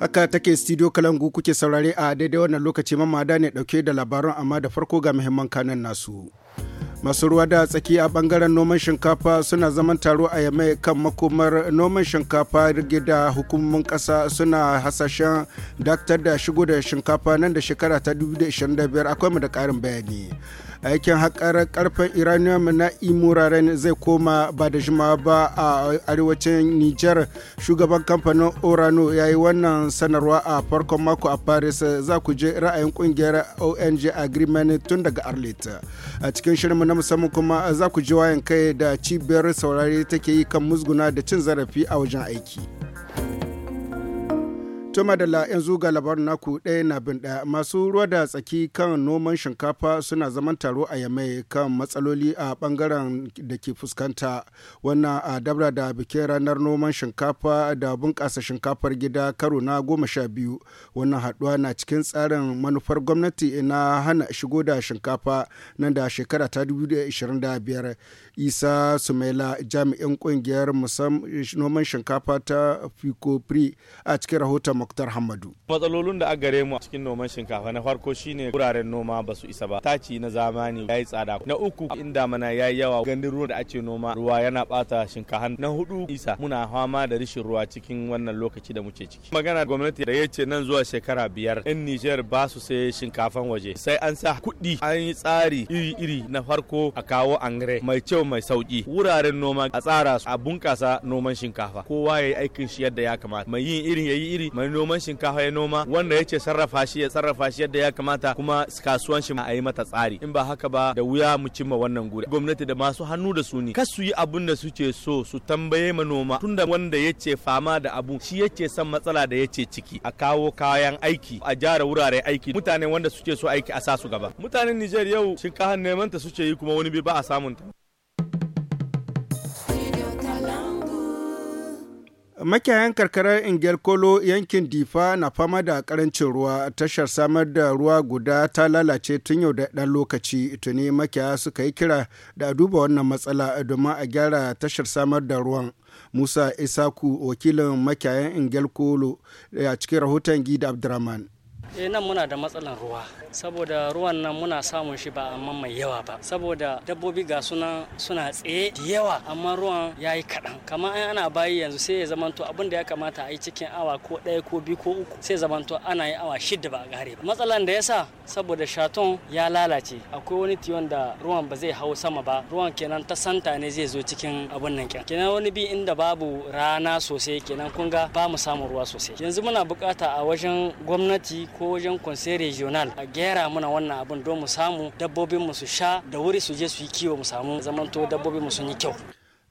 Haka take studio Kalangu kuke saurare a daidai wannan lokaci mamada ne dauke da labaran amma da farko ga muhimman kanan nasu. Masu ruwa da tsaki a bangaren noman shinkafa suna zaman taro a yamai kan makomar noman shinkafa rige da hukumomin kasa suna hasashen daktar da shigo da shinkafa nan da shekara ta 2025 akwai mu da karin bayani. aikin haƙar karfen iranium na imuraren zai koma ba da jima ba a arewacin niger shugaban kamfanin orano ya yi wannan sanarwa a farkon mako a paris za ku je ra'ayin ƙungiyar ong agreement tun daga arlit a cikin shirinmu na musamman kuma za ku ji wayan kai da cibiyar saurare take yi kan musguna da cin zarafi a wajen aiki. Tuma da la yanzu ga labarin naku ɗaya na bin ɗaya masu ruwa da tsaki kan noman shinkafa suna zaman taro a yamai kan matsaloli a ɓangaren da ke fuskanta wannan a dabra da bikin ranar noman shinkafa da bunƙasa shinkafar gida karo na goma sha biyu wannan haɗuwa na cikin tsarin manufar gwamnati na hana shigo da shinkafa nan da shekara ta 2025 isa sumela jami'in kungiyar noman shinkafa ta fikopri a cikin rahoton muktar hamadu matsalolin da gare mu a cikin noman shinkafa na farko shine wuraren noma ba su isa ba taci na zamani ya yi tsada na uku inda mana yayi yawa gandun ruwa da ake noma ruwa yana bata shinkafa na hudu isa muna fama da rishin ruwa cikin wannan lokaci da muke ciki magana gwamnati da ya ce nan zuwa shekara biyar yan Niger ba su sai shinkafan waje sai an sa kuɗi an yi tsari iri-iri na farko a kawo angare mai kyau mai sauki wuraren noma a tsara su a bunkasa noman shinkafa kowa ya yi aikin shi yadda ya kamata mai yin irin ya yi iri mai noman shinkafa ya noma wanda ce sarrafa shi ya sarrafa shi yadda ya kamata kuma kasuwan shi a yi mata tsari in ba haka ba da wuya mu cimma wannan guri gwamnati da masu hannu da su ne kas su yi abun da suke so su tambaye ma manoma tunda wanda ya ce fama da abu shi ce san matsala da ya ce ciki a kawo kayan aiki a jara wuraren aiki mutane wanda suke so aiki a sa su gaba mutanen Nijar yau shinkafa neman ta suke yi kuma wani bi ba a samun ta makiyayan karkarar ingiyar kolo yankin difa na fama da karancin ruwa tashar samar da ruwa guda ta lalace tun yau da ɗan lokaci tuni makiyaya suka yi kira da duba wannan matsala domin a gyara tashar samar da ruwan musa isaku wakilin makiyayan ingiyar kolo a cikin rahoton gida abdurrahman eh nan muna da matsalan ruwa saboda ruwan nan muna samun shi ba amma mai yawa ba saboda dabbobi ga suna suna tsaye da yawa amma ruwan ya yi kaɗan kamar an ana bayi yanzu sai ya zamanto abin da ya kamata a yi cikin awa ko ɗaya ko biyu ko uku sai zamanto ana yi awa shida ba a gare ba matsalan da ya sa saboda shaton ya lalace akwai wani tiyon da ruwan ba zai hau sama ba ruwan kenan ta santa ne zai zo cikin abin nan kenan wani bi inda babu rana sosai kenan kun ga ba mu samun ruwa sosai yanzu muna bukata a wajen gwamnati ko wajen conseil regional a gera muna wannan abin don mu samu dabbobin mu su sha da wuri su je su yi kiwo mu samu zamanto dabbobin mu sun yi kyau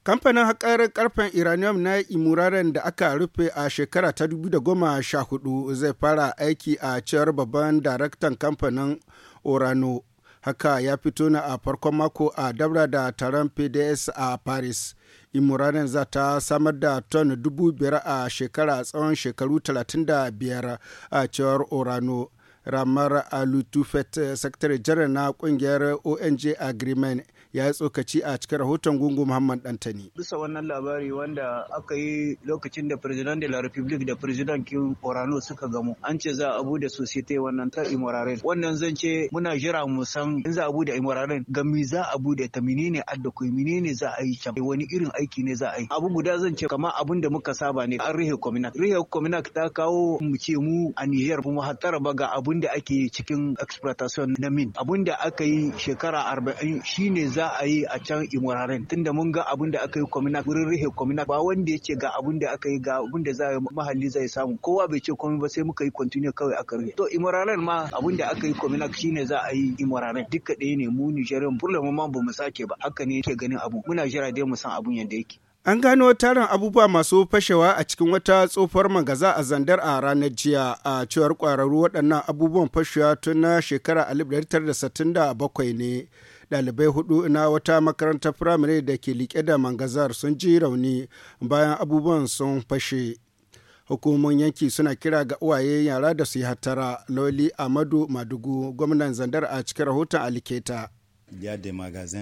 kamfanin haƙar karfen iranium na imuraren da aka rufe a shekara ta goma sha hudu zai fara aiki a cewar babban daraktan kamfanin orano haka ya fito na a farkon mako a dabra da taron pds a paris imuranen za ta samar da ton dubu biyar a shekara tsawon shekaru talatin da biyar a cewar orano ramar alutufet sakatare jiran na kungiyar ong agreement ya yi tsokaci a cikin rahoton gungu Muhammad Dantani. Bisa wannan labari wanda aka yi lokacin da President de la Republic da President Kim Orano suka gamu an ce za a da societe wannan ta Imoraren. Wannan zan ce muna jira mu san in za a bude Imoraren ga me za a da ta menene adda ku menene za a yi can wani irin aiki ne za a yi. Abu guda zan ce kamar abin da muka saba ne an rihe Kominak. Rihe Kominak ta kawo mu ce mu a Niger mu hattara ba ga abin da ake cikin exploitation na min. Abin da aka yi shekara arba'in shine za a yi a can imoraren tunda mun ga abin da aka yi kwamina wurin rihe kwamina ba wanda ya ce ga abin da aka yi ga abin da za a yi mahalli zai samu kowa bai ce komai ba sai muka yi kwantine kawai aka rihe to imuraren ma abin da aka yi kwamina shine za a yi imuraren duka ɗaya ne mu burle mu ma ba mu sake ba haka ne yake ganin abu muna jira dai mu san abin yadda yake An gano tarin abubuwa masu fashewa a cikin wata tsofar magaza a zandar a ranar jiya a cewar kwararru waɗannan abubuwan fashewa tun na shekara 1967 ne. ɗalibai hudu na wata makarantar firamare da ke liƙe da mangazar sun ji rauni bayan abubuwan sun fashe hukumomin yanki suna kira ga uwaye yara da su yi hattara lauli amadu madugu gwamnan zandar a cikin rahoton aliketa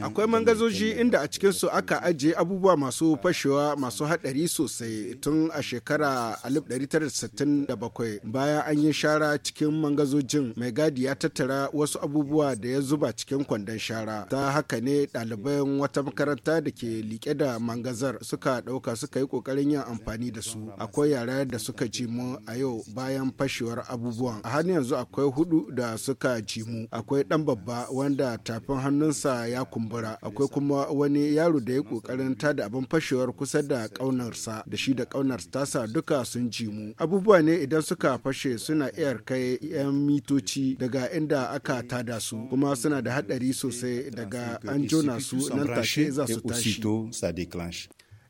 Akwai mangazoji inda a cikinsu aka ajiye abubuwa masu fashewa masu haɗari sosai tun a shekara 1967 bayan an yi shara cikin mangazojin mai gadi ya tattara wasu abubuwa da ya zuba cikin kwandon shara. Ta haka ne ɗaliban wata makaranta da ke liƙe da mangazar suka ɗauka suka yi ƙoƙarin yin amfani da su. Akwai yara da suka jimu a yau bayan fashewar abubuwan. A har yanzu akwai hudu da suka ji mu Akwai ɗan babba wanda tafin hannu hannunsa ya kumbura akwai kuma wani yaro da ya kokarin da abin fashewar kusa da kaunarsa da shi da kaunar tasa duka sun ji mu abubuwa ne idan suka fashe suna iya kai yan mitoci daga inda aka tada su kuma suna da hadari sosai daga an jona su nan tashe za su tashi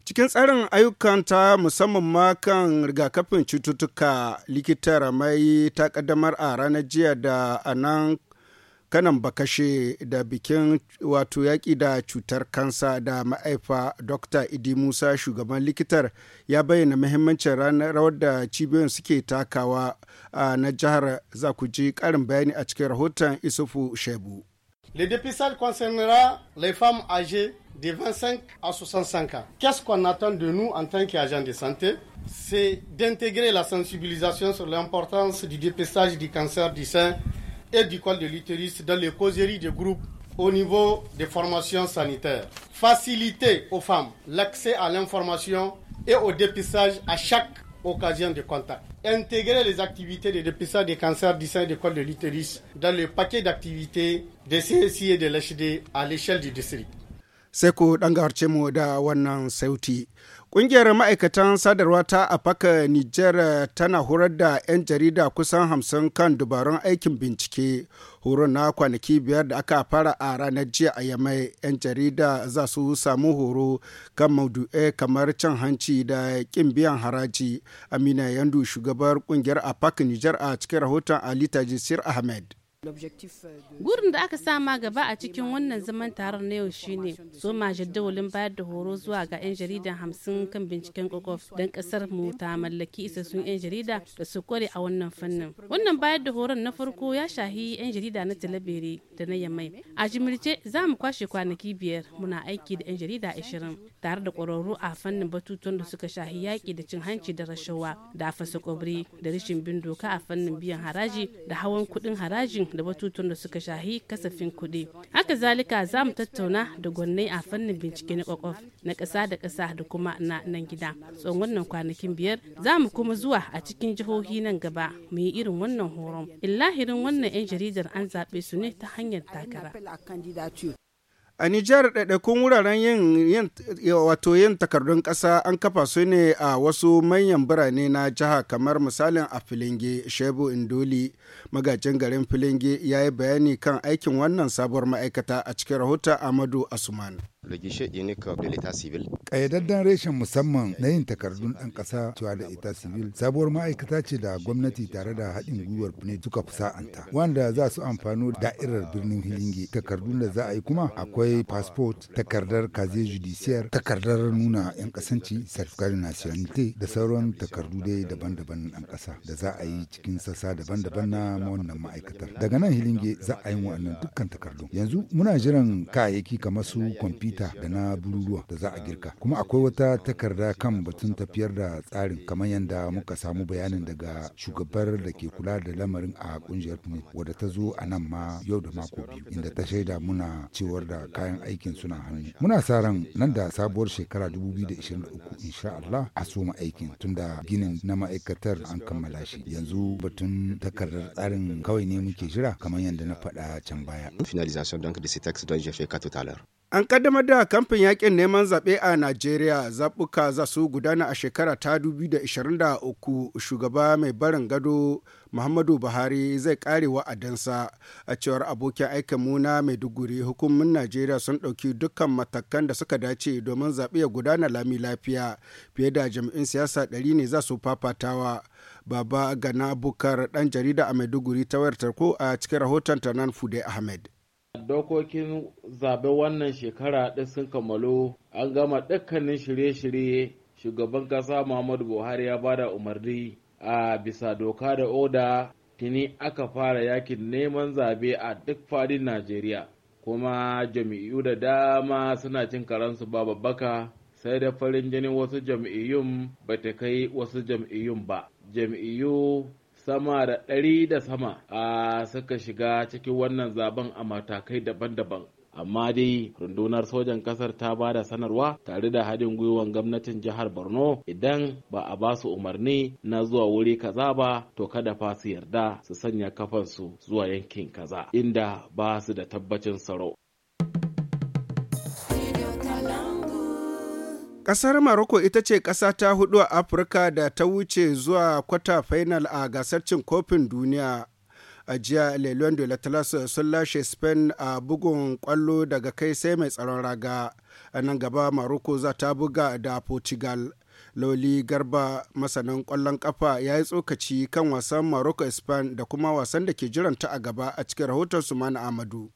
cikin tsarin ayyukan ta musamman ma kan rigakafin cututtuka likitar mai ta kaddamar a ranar jiya da anan kanan Le dépistage concernera les femmes âgées de 25 à 65 ans. Qu'est-ce qu'on attend de nous en tant qu'agents de santé C'est d'intégrer la sensibilisation sur l'importance du dépistage du cancer du sein et du col de l'utérus dans les causeries de groupes au niveau des formations sanitaires. Faciliter aux femmes l'accès à l'information et au dépistage à chaque occasion de contact. Intégrer les activités de dépistage des cancers du sein et du de l'utérus dans le paquet d'activités des CSI et de l'HD à l'échelle du district. Ƙungiyar ma'aikatan sadarwa ta afaka Nijar tana horar da 'yan jarida kusan hamsin kan dubarun aikin bincike. Horon na kwanaki biyar da aka fara a ranar jiya a yamai 'yan jarida za su samu horo kan maudu'e kamar cin hanci da ƙin biyan haraji. Amina Yandu shugabar ƙungiyar afaka Nijar a cikin rahoton Ali Tajisir Ahmed. Euh, Gurin da aka sama gaba a cikin wannan zaman taron na yau shine soma jaddawalin bayar da horo zuwa ga 'yan jarida hamsin kan binciken kokof don kasar mu ta mallaki isassun 'yan jarida da su kware a wannan fannin. Wannan bayar da horon na farko ya shahi 'yan jarida na talabere da na yamai. A jimirce za mu kwashe kwanaki biyar muna aiki da 'yan jarida ashirin tare da kwararru a fannin batutuwan da suka shahi yaki da cin hanci da rashawa da fasa kwabri da rashin bin doka a fannin biyan haraji da hawan kuɗin harajin da batutun da suka shahi kasafin kuɗi haka zalika za mu tattauna da gwanai a fannin bincike na kwakwaf na ƙasa da ƙasa da kuma na nan gida tsawon wannan kwanakin biyar za mu kuma zuwa a cikin jihohi nan gaba mu yi irin wannan horon illahirin wannan 'yan jaridar an zaɓe su ne ta hanyar takara a Nijar ɗaiɗaikun wuraren yin wato yin takardun ƙasa an kafa su ne a wasu manyan birane na jiha kamar misalin a Filinge Shebu Indoli magajin garin Filinge ya yi bayani kan aikin wannan sabuwar ma'aikata a cikin rahoton Amadu Asuman. kayyadadden reshen musamman na yin takardun ɗan kasa cewa da ita civil sabuwar ma'aikata ce da gwamnati tare da haɗin gwiwar ne suka fusa'anta wanda za su amfano da'irar birnin Hilinge takardun da za a yi kuma akwai passport takardar kaze judiciaire takardar nuna 'yan kasanci certificat nationalité da sauran takardu dai daban-daban dan ɗan da za a yi cikin sassa daban-daban na wannan ma'aikatar daga nan Hilinge za a yi wa'annan dukkan takardun yanzu muna jiran kayayyaki kamar su kwamfuta lita da na bururuwa da za a girka kuma akwai wata takarda kan batun tafiyar da tsarin kamar yadda muka samu bayanin daga shugabar da ke kula da lamarin a kungiyar tuni wadda ta zo a nan ma yau da mako biyu inda ta shaida muna cewar da kayan aikin suna hannu muna sa ran nan da sabuwar shekara 2023 insha Allah a soma aikin tunda ginin na ma'aikatar an kammala shi yanzu batun takardar tsarin kawai ne muke jira kamar yadda na faɗa can baya. Finalisation donc de ce texte dont j'ai fait tout à l'heure. An kaddamar da kamfin yakin neman zaɓe a Najeriya zaɓuka za su gudana a shekara ta 2023 shugaba mai barin gado Muhammadu Buhari zai kare wa'adansa a cewar abokin aikin muna Maiduguri hukumomin Najeriya sun ɗauki dukkan matakan da suka dace domin zaɓe ya gudana lami lafiya fiye da jami'in siyasa ɗari ne za su fafatawa. Baba Gana Bukar ɗan jarida a Maiduguri ta wayar tarko a cikin rahoton ta nan Fude Ahmed. dokokin zabe wannan shekara ɗin sun kammalo an gama dukkanin shirye-shirye shugaban ƙasa muhammadu buhari ya bada umarni a bisa doka da oda tuni aka fara yakin neman zaɓe a duk fadin najeriya kuma jami'u da dama suna cin karansu ba babbaka sai da farin jinin wasu jam'iyyun ba ta kai wasu jam'iyyun ba jam'iyyu sama da ɗari da sama a suka shiga cikin wannan zaben a matakai daban-daban amma dai rundunar sojan ƙasar ta ba da sanarwa tare da haɗin gwiwan gwamnatin jihar borno idan ba a ba su umarni na zuwa wuri kaza ba to kada fa su yarda su sanya kafansu zuwa yankin kaza inda ba su da tabbacin tsaro Ƙasar maroko ita ce ƙasa ta hudu a Afirka da ta wuce zuwa kwata final a gasar cin kofin duniya. A jiya Leluan de sun lashe Spain a bugun kwallo daga kai sai mai tsaron raga. A nan gaba maroko za ta buga da Portugal. Loli Garba masanin kwallon ƙafa ya yi tsokaci kan wasan maroko Spain da kuma wasan da ke jiranta a gaba a cikin rahoton Sumana Amadu.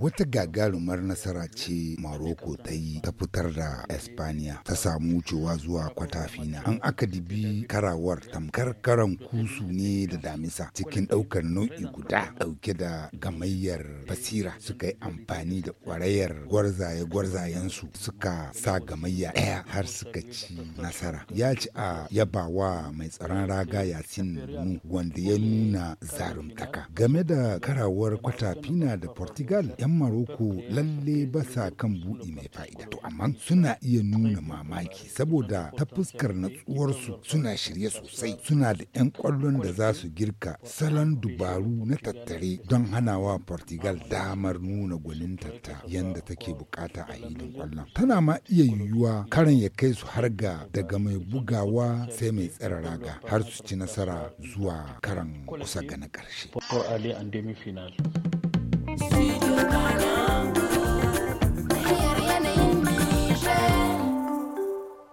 Wata gagarumar nasara ce Maroko ta yi ta fitar da Espaniya ta samu wucewa zuwa kwatafina. An aka dibi karawar tamkar karan kusu ne da damisa cikin ɗaukar nau'i guda ɗauke da gamayyar basira suka yi amfani da ƙwarayar gwarzaye-gwarzayensu suka sa gamayya ɗaya har suka ci nasara. Ya ci a yabawa mai tsaron raga Yasin wanda ya nuna zarumtaka. Game da karawar kwatafina Argentina da Portugal 'yan Maroko lalle ba sa kan buɗi mai fa'ida. To amma suna iya nuna mamaki saboda ta fuskar natsuwarsu suna shirye sosai suna da 'yan kwallon da za su girka salon dubaru na tattare don hanawa Portugal damar nuna gwanintarta yadda take bukata a hilin ƙwallon. Tana ma iya yiwuwa karan ya kai su har ga daga mai bugawa sai mai tsara raga har su ci nasara zuwa karan kusa ga na ƙarshe.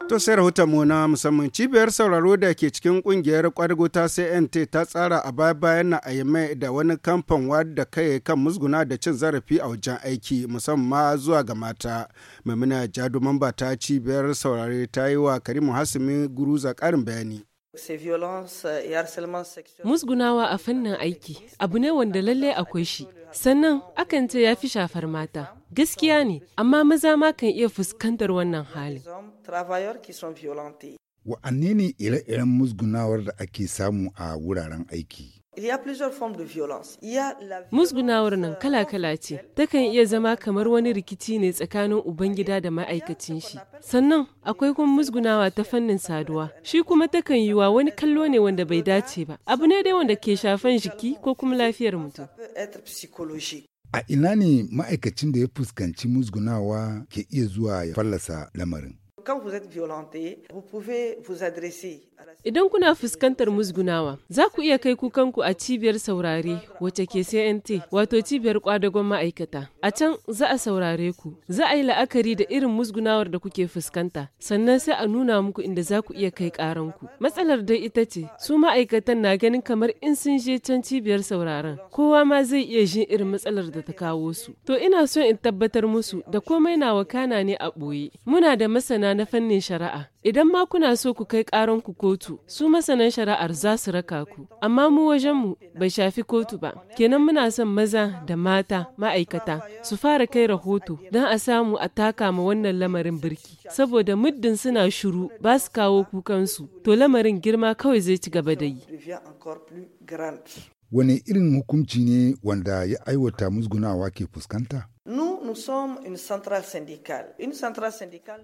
To sai rahoton mu na musamman cibiyar sauraro da ke cikin kungiyar kwargo ta CNT ta tsara a baya bayan na ayyame da wani kamfan wadda kai kan musguna da cin zarafi a wajen aiki musamman zuwa ga mata. Mamina Jadu Mamba ta cibiyar saurare ta yi wa Karimu Hasimi Guruza karin bayani. Musgunawa a fannin aiki abu ne wanda lalle akwai shi, sannan akan ce ya fi shafar mata. Gaskiya ne, amma maza ma kan iya fuskantar wannan hali. Wa'anne ne ire-iren musgunawar da ake samu a wuraren aiki? Musgunawar nan euh, kala-kala ce, takan iya zama kamar wani rikici ne tsakanin Ubangida da ma'aikacin shi. Sannan akwai kuma musgunawa ta fannin saduwa, shi kuma takan yiwa wani kallo ne wanda bai dace ba, abu ne dai wanda ke shafan jiki ko kuma lafiyar mutum. A ina ne ma'aikacin da ya fuskanci musgunawa ke iya zuwa ya fallasa lamarin? Idan kuna fuskantar musgunawa, za ku iya kai kukanku a cibiyar saurare wacce ke CNT, wato cibiyar kwadagon ma'aikata. A can za a saurare ku, za a yi la'akari da irin musgunawar da kuke fuskanta, sannan sai a nuna muku inda za ku iya kai karanku. Matsalar dai ita ce, su ma'aikatan na ganin kamar in sun je can cibiyar sauraren, kowa ma zai iya jin irin matsalar da ta kawo su. To ina son in tabbatar musu da komai na wakana ne a ɓoye. Muna da masana na fannin shari'a Idan ma kuna so ku kai ku kotu, su masanan shari'ar za su raka ku, amma mu wajenmu bai shafi kotu ba. Kenan muna son maza da mata ma'aikata su fara kai rahoto don a samu a taka ma wannan lamarin birki. Saboda muddin suna shuru ba su kawo kukansu, to lamarin girma kawai zai ci gaba da yi. Wane irin hukunci ne wanda ya aiwata musgunawa ke fuskanta?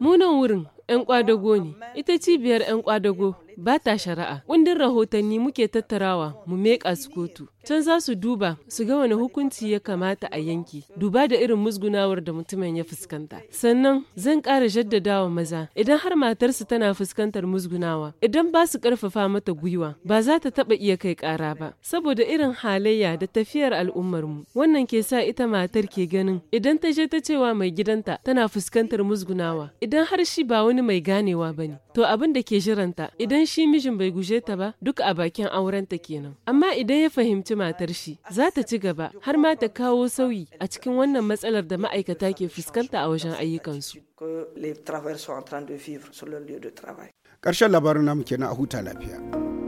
Munan wurin 'yan kwadago ne, ita cibiyar 'yan kwadago ba ta shari'a. Kundin rahotanni muke tattarawa mu meƙa su kotu. Can za su duba su ga wani hukunci ya kamata a yanki. Duba da irin musgunawar da mutumin ya fuskanta. Sannan zan ƙara jaddadawa maza idan har matarsu tana fuskantar musgunawa idan ba su ƙarfafa mata gwiwa ba za ta taɓa iya kai ƙara ba. Saboda irin halayya da tafiyar al'ummar mu. wannan ke sa ita matar ke ganin idan ta je ta cewa mai gidanta tana fuskantar musgunawa idan har shi ba wani mai ganewa ba ne. To abin da ke jiranta idan shi mijin bai guje ta ba duk a bakin aurenta kenan. Amma idan ya fahimci matar shi, za ta ci gaba har ma ta kawo sauyi a cikin wannan matsalar da ma'aikata ke fuskanta a wajen ayyukansu. Ƙarshen labarin namu kenan a huta lafiya.